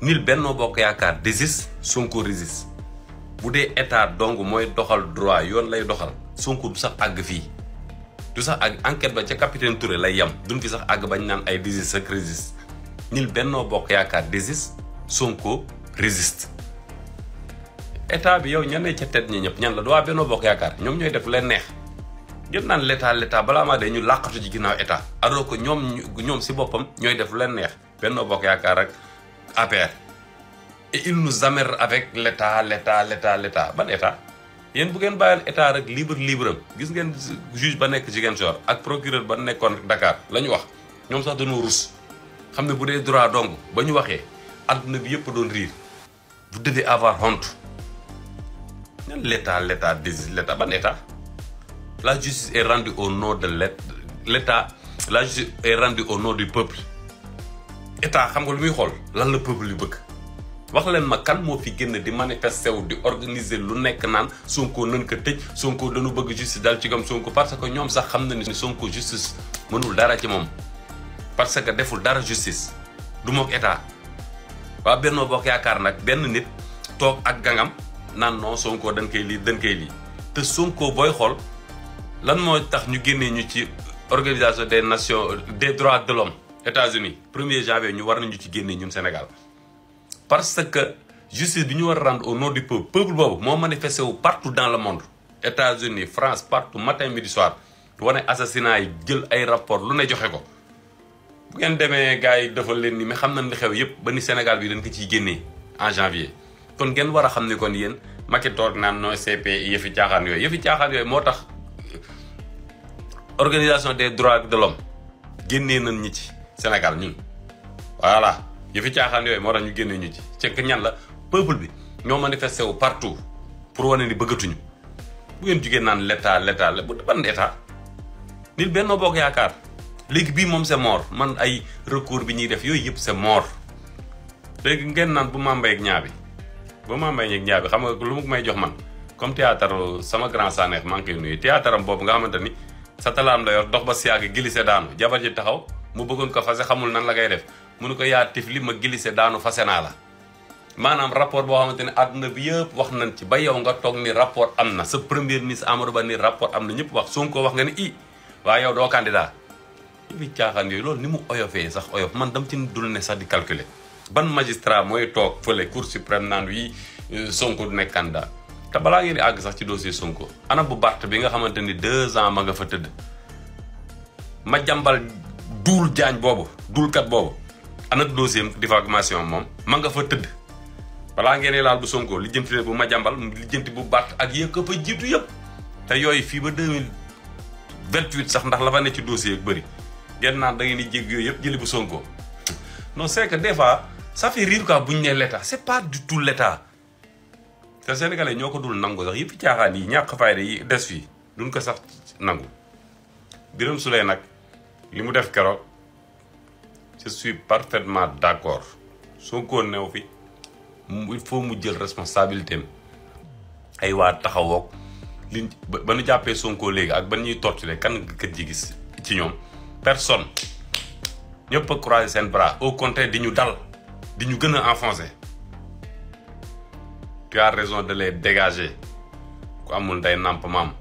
nil Benno Bokk Yaakaar désiste Sonko résiste bu dee état dong mooy doxal droit yoon lay doxal Sonko du sax àgg fii du sax àgg enquête ba ca capitaine Touré lay yem dun fi sax àgg bañ naan ay désiste ak résiste nil Benno Bokk Yaakaar désiste Sonko résiste état bi yow ñan ne ca tet ñi ñëpp ñan la du waa Benno Bokk Yaakaar ñoom ñooy def leen neex ñëpp naan l'état l'état balaa maa dee ñu làqatu ci ginnaaw état alors que ñoom ñoom si boppam ñooy def leen neex Benno Bokk Yaakaar APR et il nous amère avec l'état l'état l'état l'état ban état yéen bu ngeen bàyyeen état rek libre libre gis ngeen juge ba nekk Ziguinchor ak procureur ba nekkoon Dakar la wax Ñom sax dañoo rus xam ne bu dé droit donc bañu waxé waxee bi yépp doon rire. vous devez avoir honte ñan l'état l'état des l'état ban état la justice est rendue au nom de l'état la justice est rendue au nom du peuple état xam nga lu muy xool lan la peuple yu bëgg wax leen ma kan moo fi génn di manifester wu di organiser lu nekk naan Sonko nan ko tëj Sonko dañu bëgg justice dal ci gam Sonko parce que ñoom sax xam na ni Sonko justice mënul dara ci moom parce que deful dara justice du mook état waa Benno book Yaakaar nag benn nit toog ak gangam naan non Sonko dañ lii dañ koy lii te Sonko booy xool lan moo tax ñu génnee ñu ci organisation des nations des droits de États-Unis 1er janvier nous war nous ci Sénégal parce que justice bi rendre au nom du peuple Le peuple manifesté partout dans le monde États-Unis France partout matin midi soir Il assassinat assassiné jël ay rapport lu ko bu gars defal des ni mais avons li xew Sénégal en janvier kon vous war a en kon yéen Macky fait organisation des droits de l'homme été nañ ñi Sénégal ñun voilà yëfi caaxaan yooyu moo tax ñu génne ñu ci cek ñan la peuple bi ñoo manifesté wu partout pour wane ni bëggatuñu bu ngeen jugee naan l'état l'état bu ban état nit Benno Bokk Yaakaar léegi bii moom c'est mort man ay recours bi ñuy def yooyu yëpp c'est mort léegi ngeen naan bu ma mbay ak ñaabi bu ma mbay ak ñaabi xam nga lu mu may jox man comme théâtre sama grand sanex maa ngi koy nuyu théâtre am boobu nga xamante ni la yor dox ba siyaagi gilise daanu jabar ji taxaw mu bëggoon ko fasé xamul nan la koy def mu ne ko yaa li ma glissé daanu fasé naa la maanaam rapport boo xamante ne àdduna bi yëpp wax nañ ci ba yow nga toog ni rapport am na sa premier ministre Amadou Ba ni rapport am na ñëpp wax Sonko wax nga ni i waaye yow doo candidat bi caaxaan yooyu loolu ni mu oyofee sax oyof man dam ci dul ne sax di calculer ban magistrat mooy toog fële cour suprême naan wi euh, Sonko du nekk candidat te balaa ngeen di àgg sax ci dossier Sonko ana bu Bart bi nga xamante ni deux ans ma nga fa tëdd ma jàmbal duul jaañ boobu duulkat boobu ana dossier diffamation moom ma nga fa tëdd balaa ngeen laal bu Sonko li jënti leen bu ma jàmbal li jënti bu bàtt ak yëkk fa jiitu yëpp te yooyu fii ba 2028 sax ndax la fa ne ci dossier ak bëri ngeen naan da ngeen di jéggi yooyu yëpp jëli bu Sonko non c'est que des fois ça fait rire quoi bu ñu nee l'état c'est pas du tout l'état te sénégalais ñoo ko dul nangu sax yëpp caaxaan yi ñàkk fayda yi des fii duñ ko sax nangu Birame Souleye nag li mu def kéro je suis parfaitement d'accord Sonko new fi il faut mu jël responsabilité am ay waa taxawoog liñ ba nu jàppee Sonko léegi ak ba ñuy torturer kan kër ji gis ci ñoom personne ñëpp a croiser seen bras au contraire di ñu dal di ñu gën a enfoncer tu as raison de les dégager ku amul day nàmp maam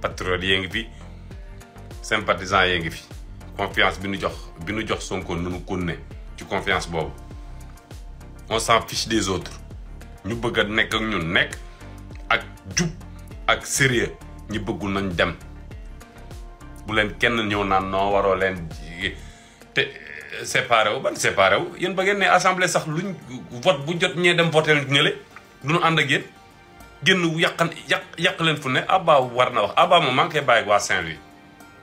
patriote yee ngi fi sympathisant yee ngi fi confiance bi jox jox Sonko confiance on s'en fiche des autres ñu bëgg ak ñun nekk ak ak sérieux ñi bëggul nañ dem bu len kenn ñëw naan nous waro len té séparé ban séparé wu yeen ba assemblée sax luñ vote bu jot dem Abba war Abba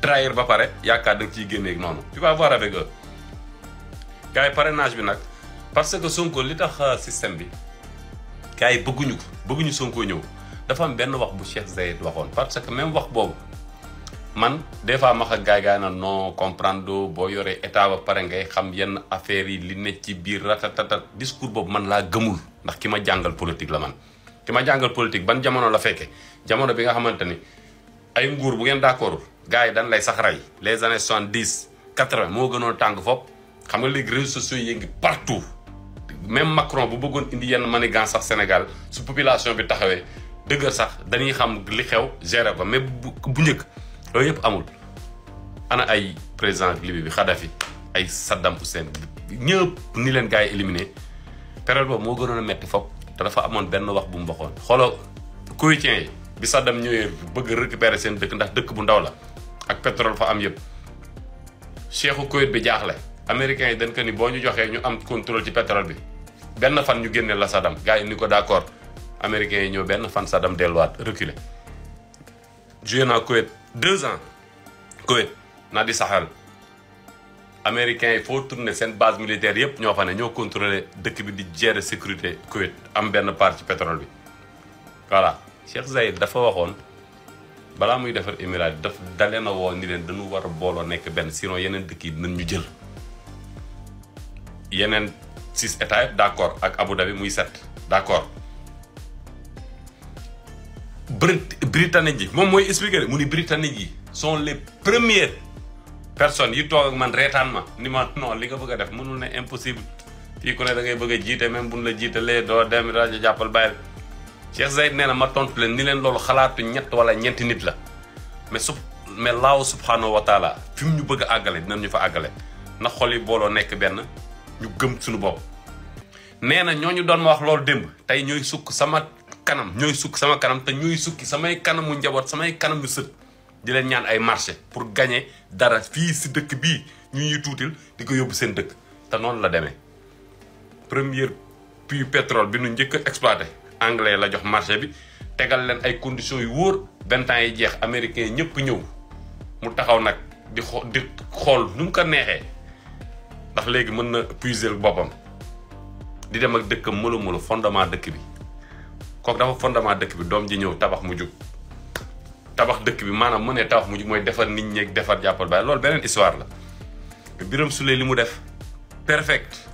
trahir ba pare yaakaar da nga ciy génneeg noonu tu vas voir avec eux gars parrainage bi nag parce que Sonko li tax euh, système bi gars yi bëgguñu ko bëgguñu Sonko ñëw dafa am benn wax bu Cheikh Zayed waxoon parce que même wax boobu man des fois ma xam gaay gaay na non comprendre boo yoree état ba pare ngay xam yenn affaire yi li ne ci biir ratatata discours boobu man laa gëmul ndax ki ma jàngal politique la man ki ma jàngal politique ban jamono la fekkee jamono bi nga xamante ni ay nguur bu ngeen d'accord gars yi dañ lay sax rey les années soixante dix quatre vingt moo gënoon tàng fopp xam nga léegi réseaux sociaux yi ngi partout même Macron bu bëggoon indi yenn manigance sax Sénégal su population bi taxawee dëgër sax dañuy xam li xew gérer ko mais bu bu njëkk loolu yëpp amul. ana ay président Libye bi Kadhafi ay Saddam Hussein ñëpp ni leen gars yi éliminé période boobu moo gënoon a metti fopp te dafa amoon benn wax bu mu waxoon xooloo Koweïtien yi bi Saddam ñëwee bëgg récupérer seen dëkk ndax dëkk bu ndaw la ak pétrole fa am yëpp cheikhu Koweït bi jaaxle américain yi dañ ni boo ñu joxee ñu am contrôle ci pétrole bi benn fan ñu génne la Saddam gaa yi ni ko d'accord américains yi ñëw benn fan Saddam delluwaat reculer joué naa Koweït deux ans Koweït naa di saxal américains yi foo tourné seen base militaire yëpp ñoo fa ne ñoo contrôlé dëkk bi di gérer sécurité Koweït am benn part ci pétrole bi voilà Cheikh Zayed dafa waxoon bala muy defar émirat daf dalena wo ni len dañu war bolo nek ben sino yenen yeneen dëkk yi dinañ ñu jël yenen six états d'accord ak Abu Dhabi muy sept d'accord accord britannique yi mom moy expliquer mu ni britannique yi sont les premières personnes yi tok ak man reetaan ma ni ma non li nga bëgg def mënul ne impossible fi ku ne da ngay bëgg jité jiite même buñ la jiite lé do dem radio jappal bàyyil Cheikh Zayed nee na ma tontu len ni len loolu khalaatu ñett wala ñeenti nit la mais sub mais law subhanahu wa taala fim ñu bëgg a àggale dinañ ñu fa agalé na xoli bolo nek ben ñu gëm suñu bop na doon ma wax loolu demb tay ñoy sukk sama kanam ñoy sukk sama kanam te ñooy suki sama kanamu njabot sama kanam yu sët di len ñaan ay marché pour gagner dara fi ci dëkk bi ñu ñuy tutil di ko yóbbu seen dëkk te non la démé premier puits pétrole bi ñu exploiter anglais la jox marché bi tegal leen ay conditions yu wóor vingt ans yi jeex américain ñëpp ñëw mu taxaw nag di xo di xool nu mu ko neexee ndax léegi mën na puiser boppam di dem ak dëkkam mëla mëla fondement dëkk bi kook dafa fondement dëkk bi doom ji ñëw tabax mu jug tabax dëkk bi maanaam mën ne tabax mu jug mooy defar nit ñeeg defar jàppal baay loolu beneen histoire la biram Souleye li mu def perfect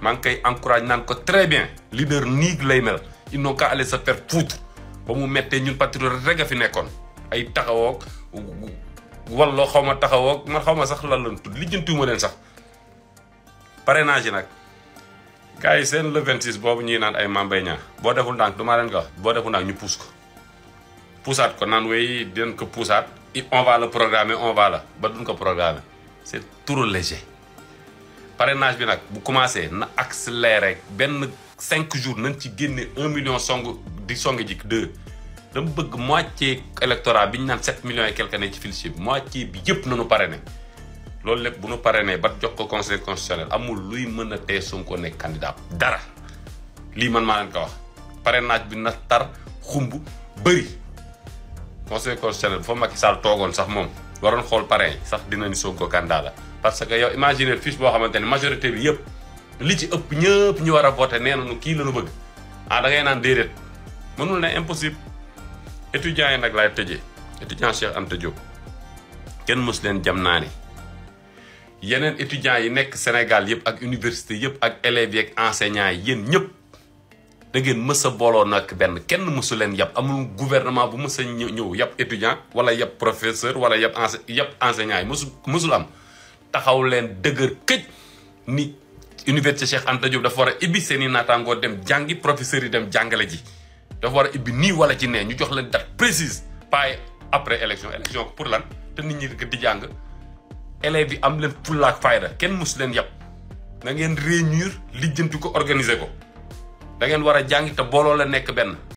maa ngi koy encourage naan ko très bien leader niig lay mel ils n'ont qu'à aller se faire ba mu mettee ñun patriote rek a fi nekkoon ay taxawook walloo xaw ma taxawoog man xaw ma sax lan lan tudd ma leen sax parrainage yi nag gars yi seen le boobu ñuy naan ay Mame Mbaye Niang boo deful ndànk du maa leen ko wax boo deful ndànk ñu puus ko puusaat ko naan wey den ko puusaat i va le programmer on la ba duñ ko programmer c'est trop léger parrainage bi nag bu commencé na ak accéléré benn 5 jours, même si vous 1 million de songs et 2, je veux moitié électorat, 7 millions et quelques années de fil chip, moitié bip non parrainé. Lorsque vous nous parrainez, vous avez un conseil constitutionnel, vous avez un conseil de candidat. Dara, Liman Malanka, parrainage de Natar, Khumbu, Bri. Conseil constitutionnel, vous avez un conseil de candidat. Vous avez un conseil de candidat. Parce que imaginez, fiche de la majorité, vous avez li ci ëpp ñëpp ñu wara voter voté nee ki lañu bëgg ah da ngay naan dédét mënul né impossible étudiant yi nak lay tëjee étudiant Cheikh Anta Diop kenn mësu leen jam naani ni yeneen étudiants yi nekk Sénégal yëpp ak université yëpp ak élèves yi enseignant yi yeen ñëpp da ngeen mësa bolo nak ben kenn mësu leen yab amul gouvernement bu mësa ñëw yab étudiant wala yab professeur wala yab ense yab enseignant yi mësu mësul am taxaw leen dëgër kecc ni université Cheikh Anta Diop dafa war a ibbi seen i naataangoo dem jàngi professeurs yi dem jàngale ji dafa war a ibbi nii wala ci nee ñu jox leen date précise pas après élection élection pour lan te nit ñi di jàng élève yi am leen fullaak fayda kenn mus leen yàpp da ngeen réunir lijjanti ko organiser ko da ngeen war a jàng te booloo la nekk benn